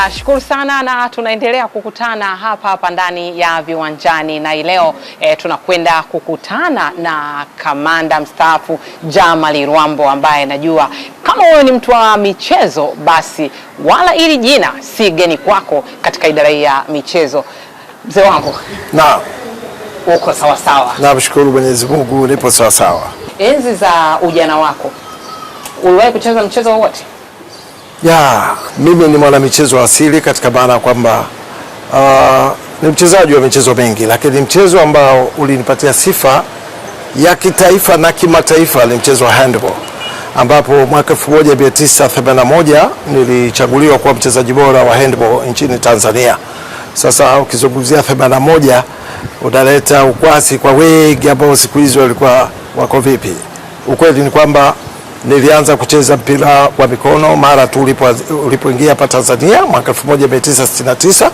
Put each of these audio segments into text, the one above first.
Nashukuru sana na tunaendelea kukutana hapa hapa ndani ya Viwanjani na leo e, tunakwenda kukutana na kamanda mstaafu Jamali Rwambo ambaye najua kama wewe ni mtu wa michezo basi wala ili jina si geni kwako katika idara ya michezo. Mzee wangu, naam, uko sawa sawa? Namshukuru Mwenyezi Mungu, nipo sawa sawa. Enzi za ujana wako uliwahi kucheza mchezo wowote? Ya, mimi ni mwanamichezo asili katika maana kwamba uh, ni mchezaji wa michezo mengi, lakini mchezo ambao ulinipatia sifa ya kitaifa na kimataifa ni mchezo wa handball, ambapo mwaka 1981 nilichaguliwa kuwa mchezaji bora wa handball nchini Tanzania. Sasa ukizungumzia 81 unaleta ukwasi kwa wengi ambao siku hizo walikuwa wako vipi. Ukweli ni kwamba nilianza kucheza mpira wa mikono mara tu ulipoingia hapa Tanzania mwaka 1969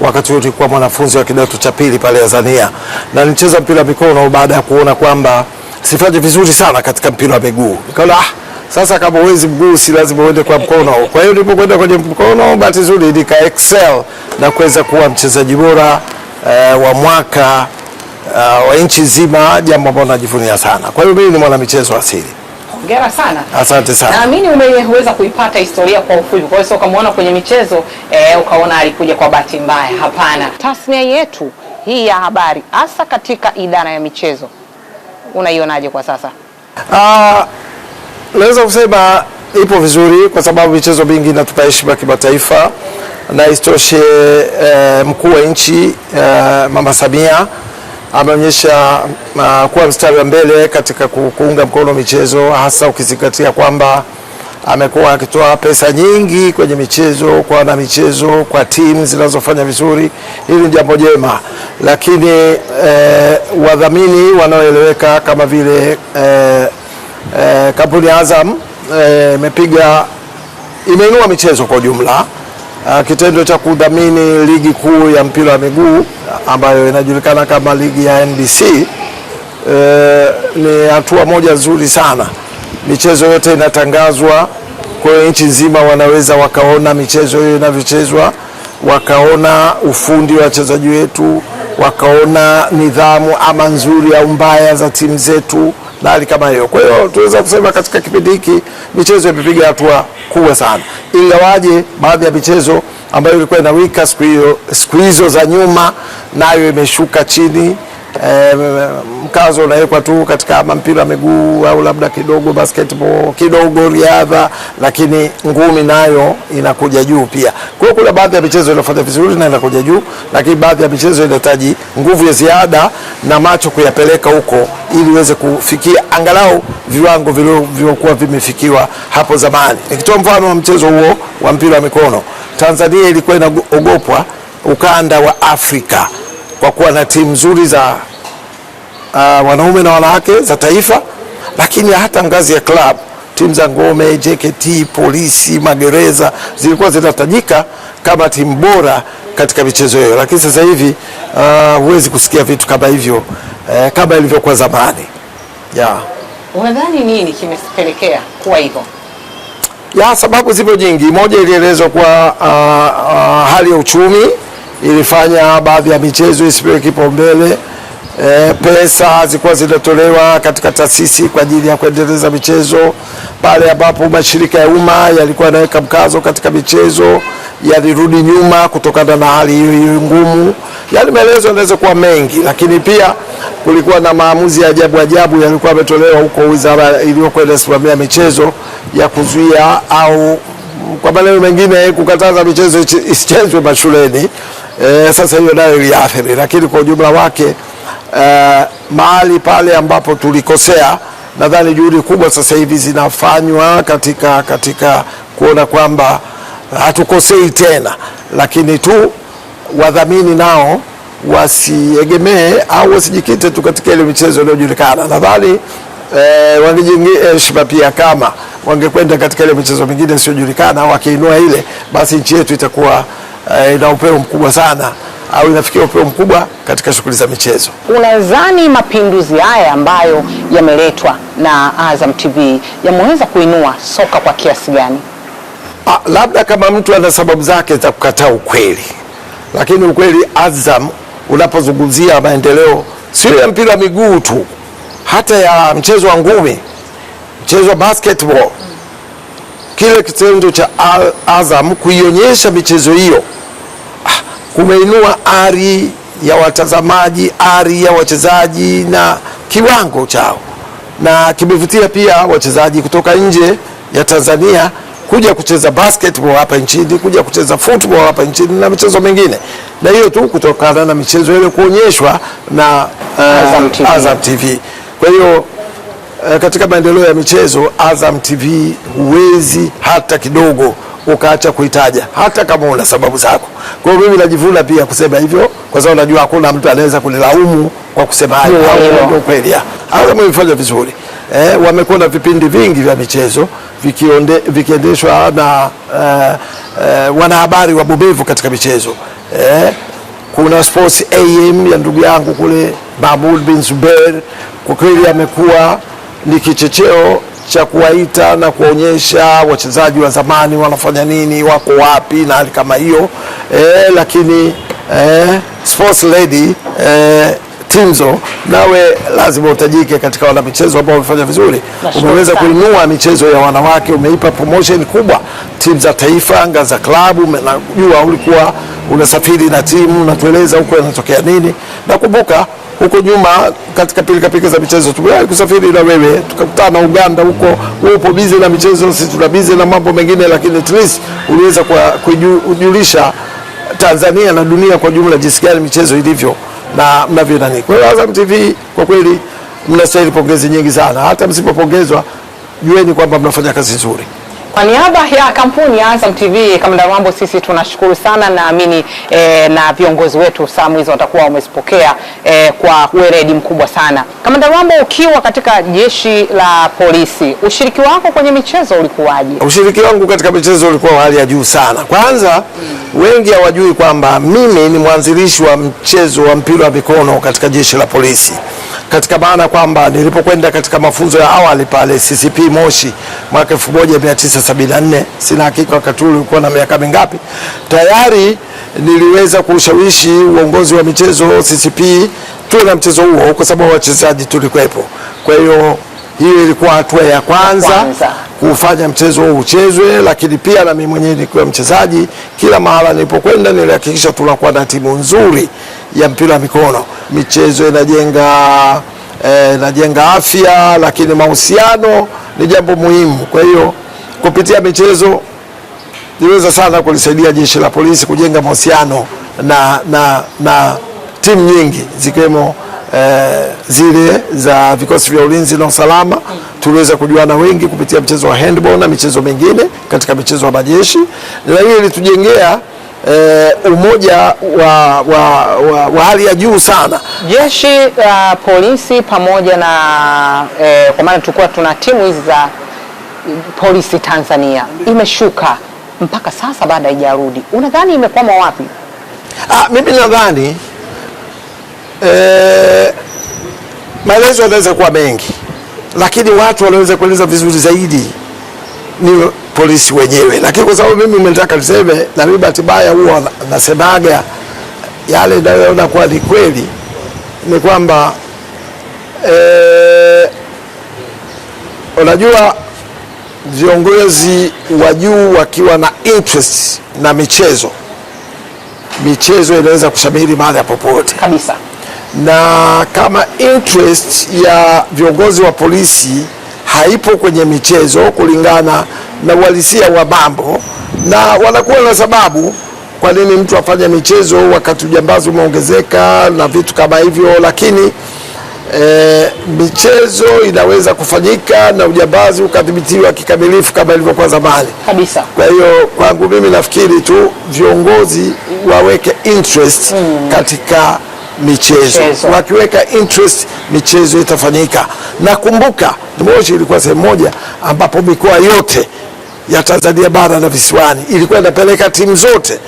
wakati huo nilikuwa mwanafunzi wa kidato cha pili pale Tanzania, na nilicheza mpira wa mikono baada ya kuona kwamba sifanye vizuri sana katika mpira wa miguu. Nikaona ah, sasa kama uwezi mguu, si lazima uende kwa mkono. Kwa hiyo nilipokwenda kwenye mkono, bahati nzuri nika excel na kuweza kuwa mchezaji bora eh, wa mwaka Uh, wa nchi nzima, jambo ambalo najivunia sana. Kwa hiyo mimi ni mwanamichezo asili. Hongera sana. Asante sana. Naamini umeweza kuipata historia kwa ufupi, kwa hiyo sio ukamwona kwenye michezo eh, ukaona alikuja kwa bahati mbaya. Hapana, tasnia yetu hii ya habari hasa katika idara ya michezo unaionaje kwa sasa? Ah, naweza kusema ipo vizuri kwa sababu michezo mingi inatupa heshima kimataifa na isitoshe, eh, mkuu wa nchi eh, Mama Samia ameonyesha uh, kuwa mstari wa mbele katika kuunga mkono michezo, hasa ukizingatia kwamba amekuwa akitoa pesa nyingi kwenye michezo kwa na michezo kwa timu zinazofanya vizuri. Hili ni jambo jema, lakini eh, wadhamini wanaoeleweka kama vile eh, eh, kampuni ya Azam eh, imepiga eh, imeinua michezo kwa ujumla. Ah, kitendo cha kudhamini ligi kuu ya mpira wa miguu ambayo inajulikana kama ligi ya NBC e, eh, ni hatua moja nzuri sana. Michezo yote inatangazwa, kwa nchi nzima wanaweza wakaona michezo hiyo inavyochezwa, wakaona ufundi wa wachezaji wetu, wakaona nidhamu ama nzuri au mbaya za timu zetu na hali kama hiyo. Kwa hiyo tunaweza kusema katika kipindi hiki michezo imepiga hatua kubwa sana, ingawaje baadhi ya michezo ambayo ilikuwa inawika siku hizo za nyuma nayo imeshuka chini e, mkazo unawekwa tu katika mpira wa miguu au labda kidogo basketball kidogo riadha, lakini ngumi nayo inakuja juu pia. Kwa hiyo kuna baadhi ya michezo inafanya vizuri na inakuja juu, lakini baadhi ya michezo inahitaji nguvu ya ziada na macho kuyapeleka huko ili iweze kufikia angalau viwango vilivyokuwa vimefikiwa hapo zamani. Nikitoa mfano wa mchezo huo wa mpira wa mikono, Tanzania ilikuwa inaogopwa ukanda wa Afrika kwa kuwa na timu nzuri za uh, wanaume na wanawake za taifa, lakini hata ngazi ya club timu za Ngome, JKT, Polisi, Magereza zilikuwa zinatajika kama timu bora katika michezo hiyo, lakini sasa hivi uh, huwezi uh, kusikia vitu kama hivyo uh, kama ilivyokuwa zamani yeah. Unadhani nini kimepelekea kuwa hivyo? Ya, sababu zipo nyingi. Moja ilielezwa kwa uh, uh, hali ya uchumi ilifanya baadhi ya michezo isipewe kipaumbele. E, pesa zilikuwa zinatolewa katika taasisi kwa ajili ya kuendeleza michezo, pale ambapo mashirika ya umma yalikuwa yanaweka mkazo katika michezo yalirudi nyuma kutokana na hali hiyo hiyo ngumu. Yani maelezo yanaweza kuwa mengi, lakini pia kulikuwa na maamuzi ya ajabu ajabu yalikuwa yametolewa huko wizara iliyokuwa inasimamia michezo ya kuzuia au kwa maneno mengine kukataza michezo isichezwe mashuleni. E, sasa hiyo nayo iliathiri, lakini kwa ujumla wake e, mahali pale ambapo tulikosea nadhani juhudi kubwa sasa hivi zinafanywa katika, katika kuona kwamba hatukosei tena, lakini tu wadhamini nao wasiegemee au wasijikite tu katika ile michezo inayojulikana. Nadhani e, eh, wangejengi heshima pia kama wangekwenda katika ile michezo mingine isiyojulikana, wakiinua ile, basi nchi yetu itakuwa Eh, ina upeo mkubwa sana au inafikia upeo mkubwa katika shughuli za michezo. Unadhani mapinduzi haya ambayo yameletwa na Azam TV yameweza kuinua soka kwa kiasi gani? Ah, labda kama mtu ana sababu zake za kukataa ukweli, lakini ukweli Azam unapozungumzia maendeleo sio ya mpira wa miguu tu, hata ya mchezo wa ngumi, mchezo wa basketball kile kitendo cha Azam kuionyesha michezo hiyo ah, kumeinua ari ya watazamaji, ari ya wachezaji na kiwango chao, na kimevutia pia wachezaji kutoka nje ya Tanzania kuja kucheza basketball hapa nchini, kuja kucheza football hapa nchini na michezo mingine, na hiyo tu kutokana na michezo ile kuonyeshwa na uh, Azam TV. Kwa hiyo Eh, katika maendeleo ya michezo, Azam TV huwezi hata kidogo ukaacha kuitaja hata kama una sababu zako. Kwa hiyo mimi najivuna pia kusema hivyo, kwa sababu najua hakuna mtu anaweza kunilaumu kwa kusema hayo. Ndio Kweli Azam imefanya vizuri eh, wamekuwa na vipindi vingi vya michezo vikiendeshwa na eh, eh, wanahabari wabobevu katika michezo eh, kuna Sports AM ya ndugu yangu kule Mahmoud bin Zubair, kwa kweli amekuwa ni kichecheo cha kuwaita na kuwaonyesha wachezaji wa zamani wanafanya nini, wako wapi na hali kama hiyo e, lakini e, sports lady e, Timzo nawe lazima utajike katika wanamichezo ambao wamefanya vizuri. Umeweza kuinua michezo ya wanawake, umeipa promotion kubwa timu za taifa, anga za klabu. Najua ulikuwa unasafiri na timu, natueleza huko inatokea nini. Nakumbuka huko nyuma katika pilika-pilika za michezo tumewahi kusafiri na wewe tukakutana Uganda huko, wewe upo busy na michezo, sisi tuna busy na mambo mengine, lakini at least uliweza kujulisha Tanzania na dunia kwa jumla jinsi gani michezo ilivyo na mnavyo nani. Kwa hiyo Azam TV kwa kweli mnastahili pongezi nyingi sana, hata msipopongezwa jueni kwamba mnafanya kazi nzuri. Kwa niaba ya kampuni ya Azam TV, Kamanda Rambo, sisi tunashukuru sana. Naamini e, na viongozi wetu salamu hizo watakuwa wamezipokea e, kwa weledi mkubwa sana. Kamanda Rambo, ukiwa katika jeshi la polisi, ushiriki wako kwenye michezo ulikuwaje? Ushiriki wangu katika michezo ulikuwa hali ya juu sana. Kwanza hmm, wengi hawajui kwamba mimi ni mwanzilishi wa mchezo wa mpira wa mikono katika jeshi la polisi katika maana kwamba nilipokwenda katika mafunzo ya awali pale CCP Moshi mwaka 1974 sina hakika wakati ule ulikuwa na miaka mingapi, tayari niliweza kuushawishi uongozi wa michezo CCP tuwe na mchezo huo, kwa sababu wachezaji tulikuwepo. Kwa hiyo hiyo ilikuwa hatua ya kwanza, kwanza kufanya mchezo huu uchezwe, lakini pia na mimi mwenyewe nikiwa mchezaji, kila mahala nilipokwenda nilihakikisha tunakuwa na timu nzuri ya mpira wa mikono. Michezo inajenga eh, inajenga afya, lakini mahusiano ni jambo muhimu. Kwa hiyo kupitia michezo niweza sana kulisaidia jeshi la polisi kujenga mahusiano na, na, na timu nyingi zikiwemo eh, zile za vikosi vya ulinzi na usalama. Tuliweza kujuana wengi kupitia mchezo wa handball na michezo mingine katika michezo ya majeshi, na hiyo ilitujengea E, umoja wa, wa, wa, wa hali ya juu sana. Jeshi la uh, polisi pamoja na eh, kwa maana tulikuwa tuna timu hizi za polisi Tanzania imeshuka mpaka sasa ya haijarudi. Unadhani imekwama wapi? Ah, mimi nadhani eh, maelezo yanaweza kuwa mengi, lakini watu wanaweza kueleza vizuri zaidi ni polisi wenyewe, lakini kwa sababu mimi umetaka niseme, na mimi bahati mbaya huwa nasemaga yale inayoona kuwa ni kweli, ni kwamba e, unajua viongozi wa juu wakiwa na interest na michezo, michezo inaweza kushamiri mahali popote kabisa, na kama interest ya viongozi wa polisi haipo kwenye michezo kulingana na uhalisia wa mambo, na wanakuwa na sababu kwa nini mtu afanye michezo wakati ujambazi umeongezeka na vitu kama hivyo, lakini e, michezo inaweza kufanyika na ujambazi ukadhibitiwa kikamilifu kama ilivyokuwa zamani kabisa. Kwa hiyo kwangu mimi nafikiri tu viongozi waweke interest mm. katika michezo. Michezo wakiweka interest michezo itafanyika. Nakumbuka Moshi ilikuwa sehemu moja ambapo mikoa yote ya Tanzania bara na visiwani, ilikuwa inapeleka timu zote.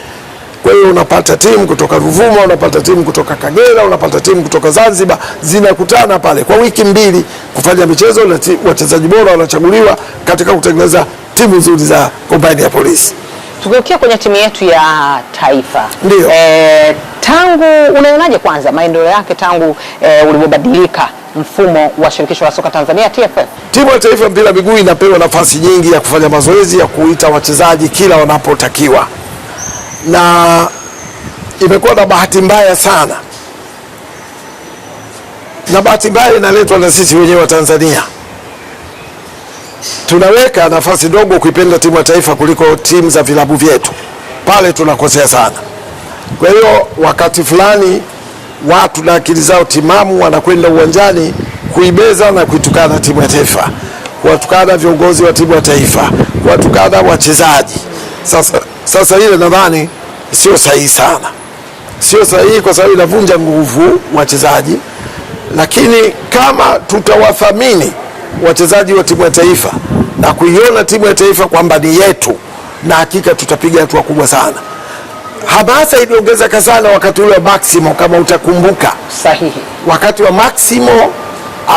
Kwa hiyo unapata timu kutoka Ruvuma, unapata timu kutoka Kagera, unapata timu kutoka Zanzibar, zinakutana pale kwa wiki mbili kufanya michezo. Wachezaji bora wanachaguliwa katika kutengeneza timu nzuri za kombaini ya polisi. Tukiukia kwenye timu yetu ya taifa ndio, e, tangu unaonaje kwanza maendeleo yake tangu e, ulivyobadilika mfumo wa shirikisho la soka Tanzania TFF. Timu ya taifa mpira miguu inapewa nafasi nyingi ya kufanya mazoezi ya kuita wachezaji kila wanapotakiwa, na imekuwa na bahati mbaya sana, na bahati mbaya inaletwa na sisi wenyewe wa Tanzania. Tunaweka nafasi ndogo kuipenda timu ya taifa kuliko timu za vilabu vyetu, pale tunakosea sana. Kwa hiyo wakati fulani watu na akili zao timamu wanakwenda uwanjani kuibeza na kuitukana timu ya taifa, kuwatukana viongozi wa timu ya taifa, kuwatukana wachezaji. Sasa, sasa ile nadhani sio sahihi sana, sio sahihi kwa sababu inavunja nguvu wachezaji, lakini kama tutawathamini wachezaji wa timu ya taifa na kuiona timu ya taifa kwamba ni yetu, na hakika tutapiga hatua kubwa sana hamasa iliongezeka sana wakati ule wa Maximo, kama utakumbuka sahihi. Wakati wa Maximo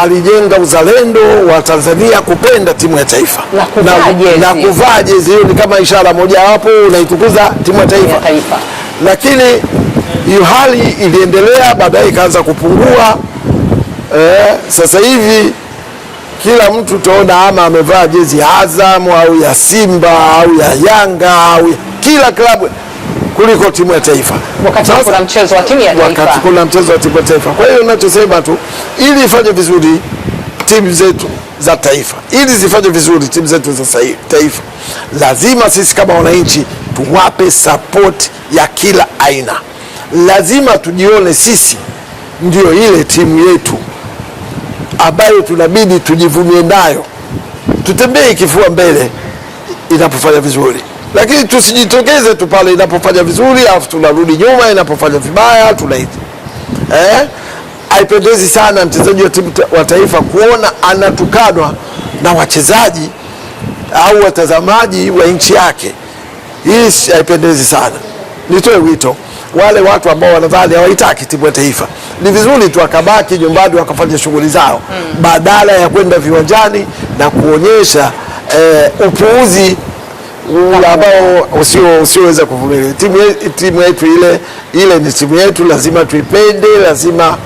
alijenga uzalendo wa Tanzania kupenda timu ya taifa na kuvaa jezi, hiyo ni kama ishara mojawapo unaitukuza timu ya taifa. taifa lakini hiyo hali iliendelea baadaye ikaanza kupungua. Eh, sasa hivi kila mtu utaona ama amevaa jezi ya Azam au ya Simba au ya Yanga au ya... kila klabu kuliko timu ya taifa, wakati kuna mchezo wa timu ya taifa. Kwa hiyo ninachosema tu, ili ifanye vizuri timu zetu za taifa, ili zifanye vizuri timu zetu za taifa, lazima sisi kama wananchi tuwape support ya kila aina. Lazima tujione sisi ndio ile timu yetu ambayo tunabidi tujivunie nayo, tutembee kifua mbele inapofanya vizuri lakini tusijitokeze tu pale inapofanya vizuri alafu tunarudi nyuma, inapofanya vibaya tuna eh? Haipendezi sana mchezaji wa timu wa taifa kuona anatukanwa na wachezaji au watazamaji wa nchi yake. Hii haipendezi sana. Nitoe wito wale watu ambao wanadhani hawaitaki timu ya taifa, ni vizuri tu akabaki nyumbani wakafanya shughuli zao mm, badala ya kwenda viwanjani na kuonyesha eh, upuuzi ambao usio usioweza kuvumilia timu yetu. Timu yetu ile ile ni timu yetu, lazima tuipende, lazima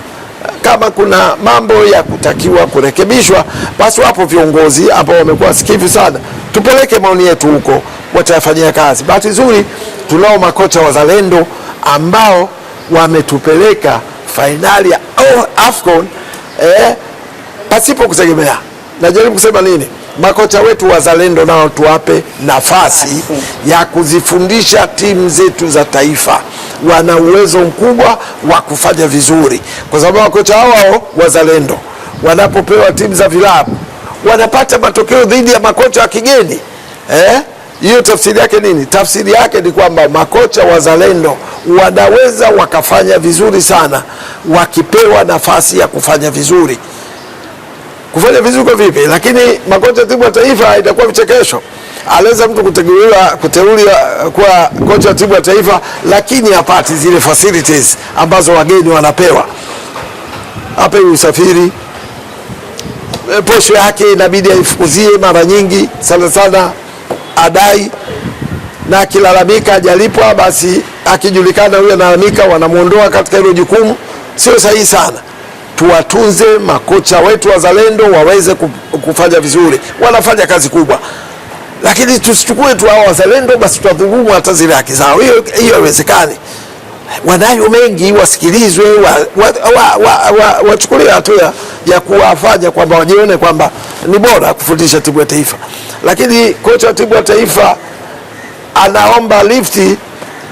kama kuna mambo ya kutakiwa kurekebishwa, basi wapo viongozi ambao wamekuwa sikivu sana, tupeleke maoni yetu huko, watayafanyia kazi. Bahati nzuri tunao makocha wazalendo ambao wametupeleka fainali ya AFCON eh, pasipo kutegemea. Najaribu kusema nini? makocha wetu wazalendo nao tuwape nafasi ya kuzifundisha timu zetu za taifa. Wana uwezo mkubwa wa kufanya vizuri, kwa sababu makocha hao wazalendo wanapopewa timu za vilabu wanapata matokeo dhidi ya makocha wa kigeni eh? Hiyo tafsiri yake nini? Tafsiri yake ni kwamba makocha wazalendo wanaweza wakafanya vizuri sana wakipewa nafasi ya kufanya vizuri kufanya vizuri kwa vipi, lakini makocha timu ya taifa itakuwa vichekesho. Aliweza mtu kuteuliwa eh, kuteuliwa kwa kocha wa timu ya taifa, lakini hapati zile facilities ambazo wageni wanapewa, apewi usafiri, eh, posho yake inabidi aifukuzie mara nyingi sana sana, adai na akilalamika ajalipwa, basi akijulikana huyo analalamika, wanamwondoa katika hilo jukumu. Sio sahihi sana tuwatunze makocha wetu wazalendo waweze kufanya vizuri, wanafanya kazi kubwa, lakini tusichukue tu hao wazalendo basi tuwadhulumu hata zile haki zao. Hiyo hiyo haiwezekani. Wanayo mengi, wasikilizwe, wachukuliwe wa, wa, wa, wa hatua ya kuwafanya kwamba wajione kwamba ni bora kufundisha timu ya taifa. Lakini kocha wa timu ya taifa anaomba lifti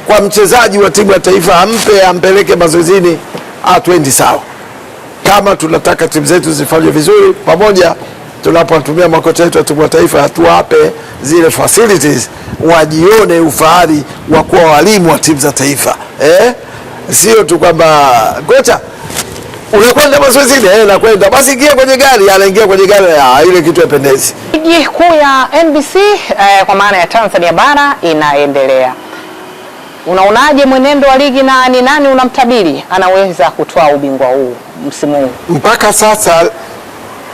kwa mchezaji wa timu ya taifa, ampe ampeleke mazoezini, atwendi sawa kama tunataka timu zetu zifanye vizuri pamoja tunapotumia makocha wetu ya timu ya taifa tuwape zile facilities wajione ufahari wa kuwa walimu wa timu za taifa eh? Sio tu kwamba kocha unakwenda mazoezini eh, nakwenda basi, ingia kwenye gari, anaingia kwenye gari, ya ah, ile kitu yapendezi. Ligi kuu ya NBC eh, kwa maana ya Tanzania bara inaendelea. Unaonaje mwenendo wa ligi na ni nani unamtabiri anaweza kutoa ubingwa huu msimu huu? Mpaka sasa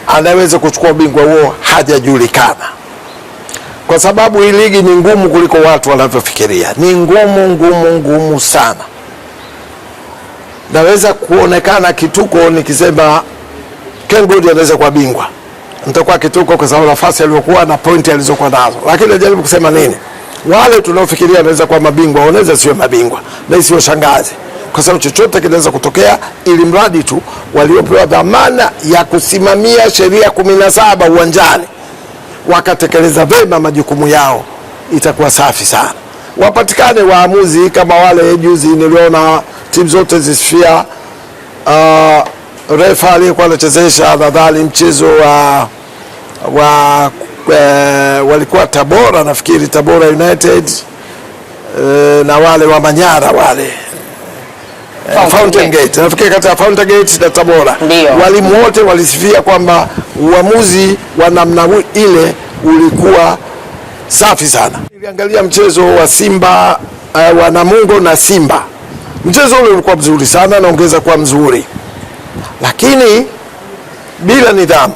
anaweza kuchukua ubingwa huo hajajulikana, kwa sababu hii ligi ni ngumu kuliko watu wanavyofikiria. Ni ngumu ngumu ngumu sana. Naweza kuonekana kituko nikisema Kengo anaweza kuwa bingwa, nitakuwa kituko kwa sababu nafasi aliyokuwa na pointi alizokuwa nazo, lakini najaribu kusema nini wale tunaofikiria anaweza kuwa mabingwa wanaweza siwe mabingwa, na isiwashangaze kwa sababu chochote kinaweza kutokea, ili mradi tu waliopewa dhamana ya kusimamia sheria kumi na saba uwanjani wakatekeleza vema majukumu yao, itakuwa safi sana. Wapatikane waamuzi kama wale juzi niliona timu zote zisifia uh, refa aliyekuwa anachezesha nadhani mchezo wa, wa kwa, eh, walikuwa Tabora nafikiri Tabora United uh, na wale wa Manyara wale eh, Fountain Gate, Nafikiri kati ya Fountain Gate na Tabora walimu wote walisifia kwamba uamuzi wa namna ile ulikuwa safi sana. Niliangalia mchezo wa Simba uh, wa Namungo na Simba, mchezo ule ulikuwa mzuri sana, naongeza kuwa mzuri, lakini bila nidhamu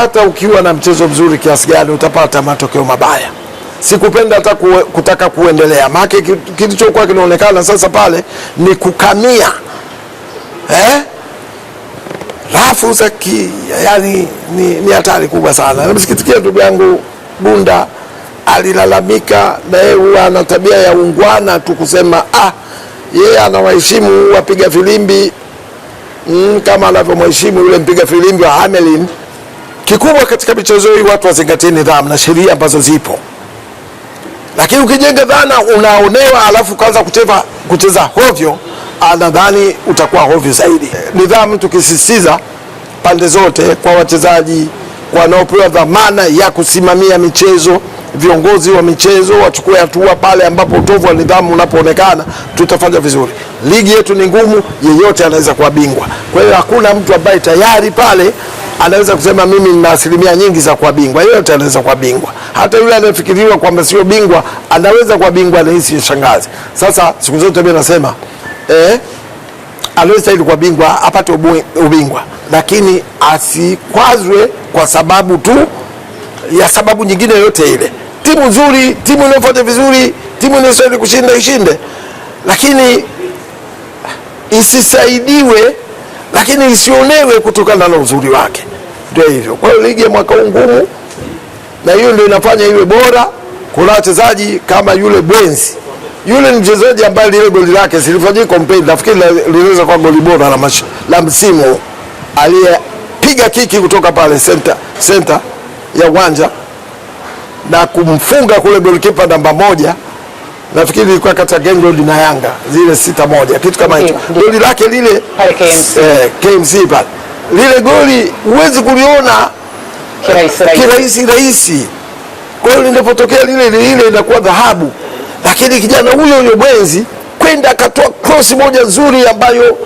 hata ukiwa na mchezo mzuri kiasi gani utapata matokeo mabaya. Sikupenda hata kutaka kuendelea, maana kilichokuwa kinaonekana sasa pale ni kukamia eh? rafu za ki, yani ni hatari kubwa sana. Namsikitikia ndugu yangu Bunda alilalamika, na yeye huwa ana tabia ya ungwana tu kusema ah, yeye anawaheshimu wapiga filimbi mm, kama anavyomheshimu yule mpiga filimbi wa Hamelin Kikubwa katika michezo hii watu wazingatie nidhamu na sheria ambazo zipo, lakini ukijenga dhana unaonewa alafu ukaanza kucheza, kucheza hovyo, ah, nadhani utakuwa hovyo zaidi. Nidhamu tukisisitiza pande zote, kwa wachezaji wanaopewa dhamana ya kusimamia michezo, viongozi wa michezo wachukue hatua pale ambapo utovu wa nidhamu unapoonekana, tutafanya vizuri. Ligi yetu ni ngumu, yeyote anaweza kuwa bingwa. Kwa hiyo hakuna mtu ambaye tayari pale anaweza kusema mimi nina asilimia nyingi za kuwa bingwa, Yeyote anaweza kuwa bingwa. Hata yule anayefikiriwa kwamba sio bingwa anaweza kuwa bingwa, anahisi shangazi. Sasa siku zote mimi nasema eh, anayestahili kuwa bingwa apate ubingwa, lakini asikwazwe kwa sababu tu ya sababu nyingine yoyote ile. Timu nzuri, timu inayofanya vizuri, timu inayostahili kushinda ishinde, lakini isisaidiwe lakini isionewe kutokana na uzuri wake. Ndio hivyo. Kwa hiyo ligi ya mwaka huu ngumu, na hiyo ndio inafanya iwe bora. Kuna wachezaji kama yule Bwenzi, yule ni mchezaji ambaye lile goli lake zilifanyia compare, nafikiri linaweza kuwa goli bora la, la msimu, aliyepiga kiki kutoka pale center, center ya uwanja na kumfunga kule golikipa namba moja nafikiri ilikuwa kati ya Gang Road na Yanga zile sita moja kitu kama hicho, goli lake lile KMC, eh, pale lile goli huwezi kuliona kirahisi rahisi. Kwa hiyo linapotokea lile lile inakuwa dhahabu, lakini kijana huyo huyo Bwenzi kwenda akatoa cross moja nzuri ambayo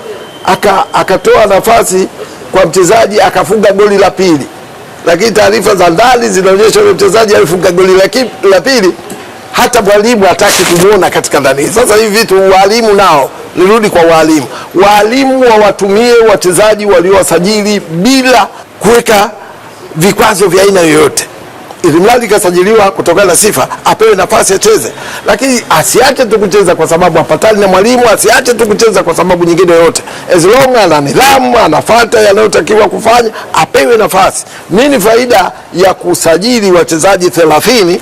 aka, akatoa nafasi kwa mchezaji akafunga goli la pili, lakini taarifa za ndani zinaonyesha yule mchezaji alifunga goli la pili hata mwalimu hataki kumwona katika ndani. Sasa hivi vitu walimu nao, nirudi kwa walimu, walimu wawatumie wachezaji waliowasajili bila kuweka vikwazo vya aina yoyote, ili mradi kasajiliwa kutokana na sifa, apewe nafasi acheze, lakini asiache tu kucheza kwa sababu hapatani na mwalimu, asiache tu kucheza kwa sababu nyingine yoyote, as long ana nidhamu, anafuata yanayotakiwa kufanya, apewe nafasi. Nini faida ya kusajili wachezaji 30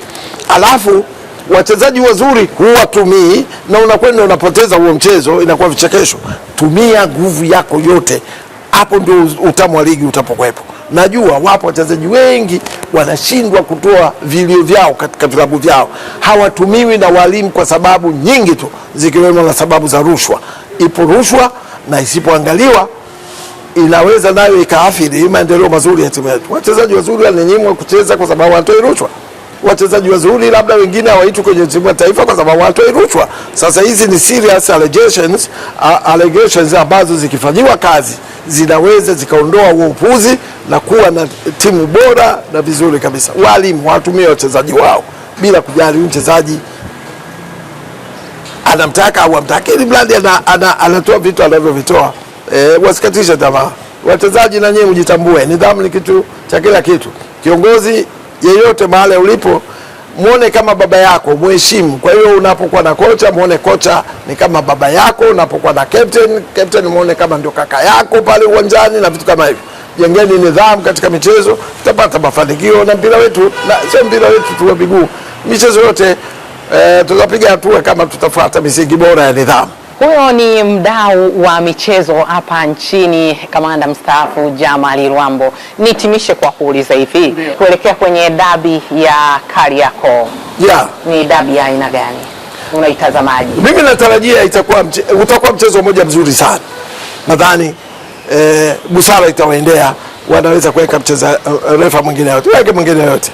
alafu wachezaji wazuri huwatumii, na unakwenda unapoteza huo mchezo, inakuwa vichekesho. Tumia nguvu yako yote, hapo ndio utamu wa ligi utapokuwepo. Najua wapo wachezaji wengi wanashindwa kutoa vilio vyao katika vilabu vyao, hawatumiwi na walimu kwa sababu nyingi tu, zikiwemo na sababu za rushwa. Ipo rushwa na isipoangaliwa inaweza nayo ikaathiri maendeleo mazuri ya timu yetu. Wachezaji wazuri walinyimwa kucheza kwa sababu wanatoi rushwa wachezaji wazuri, labda wengine hawaitwi kwenye timu ya taifa kwa sababu hatoi rushwa. Sasa hizi ni serious allegations, uh, allegations ambazo zikifanyiwa kazi zinaweza zikaondoa huo upuzi na kuwa na timu bora na vizuri kabisa. Walimu watumie wachezaji wao bila kujali mchezaji anamtaka au amtaki, ili mradi ana, ana, anatoa vitu anavyovitoa. E, wasikatishe tamaa wachezaji, na nyewe mjitambue. Nidhamu ni kitu cha kila kitu. Kiongozi yeyote mahali ulipo, muone kama baba yako, muheshimu. Kwa hiyo unapokuwa na kocha, muone kocha ni kama baba yako. Unapokuwa na captain, captain muone kama ndio kaka yako pale uwanjani na vitu kama hivyo. Jengeni nidhamu katika michezo, tutapata mafanikio na mpira wetu, na sio mpira wetu tu wa miguu, michezo yote eh, tutapiga hatua kama tutafuata misingi bora ya nidhamu. Huyo ni mdau wa michezo hapa nchini, kamanda mstaafu Jamali Rwambo. Nitimishe kwa kuuliza hivi, kuelekea kwenye dabi ya Kariakoo, yeah. ni dabi ya aina gani unaitazamaje? Mimi natarajia itakuwa mche, utakuwa mchezo mmoja mzuri sana nadhani eh, busara itawaendea, wanaweza kuweka mcheza eh, refa mwingine yote weke mwingine yote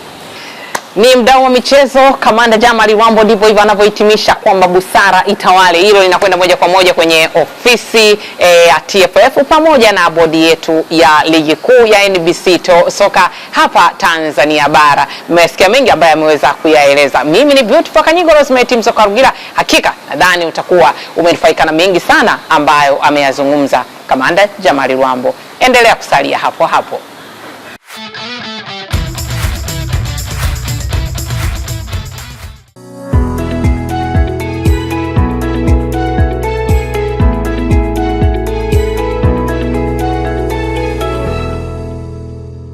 ni mdau wa michezo Kamanda Jamali Wambo, ndivyo hivyo anavyohitimisha kwamba busara itawale. Hilo linakwenda moja kwa moja kwenye ofisi e, ya TFF pamoja na bodi yetu ya ligi kuu ya NBC to soka hapa Tanzania bara. Mmesikia mengi ambayo ameweza kuyaeleza. Mimi ni Beautiful Kanyigo Rosemary Msoka Rugira, hakika nadhani utakuwa umenufaika na mengi sana ambayo ameyazungumza Kamanda Jamali Wambo. Endelea kusalia hapo hapo.